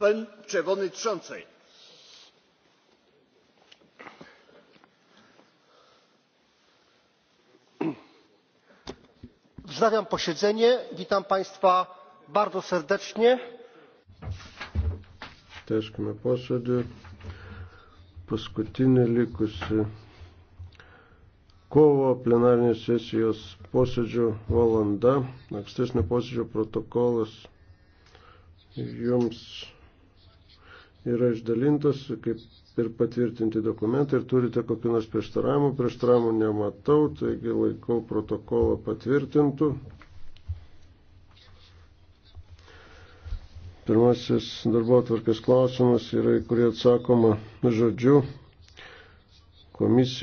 pani przewodnicząca! wznawiam posiedzenie. witam państwa bardzo serdecznie. tęskime posėdį. paskutinį likusį kovo plenarinės sesijos posėdžio valanda. ankstesnio posėdžio protokolas jums yra išdalintos kaip ir patvirtinti dokumentai ir turite kokių nors prieštaravimų. Prieštaravimų nematau, taigi laikau protokolą patvirtintų. Pirmasis darbo atvarkės klausimas yra, į kurį atsakoma žodžiu komisija.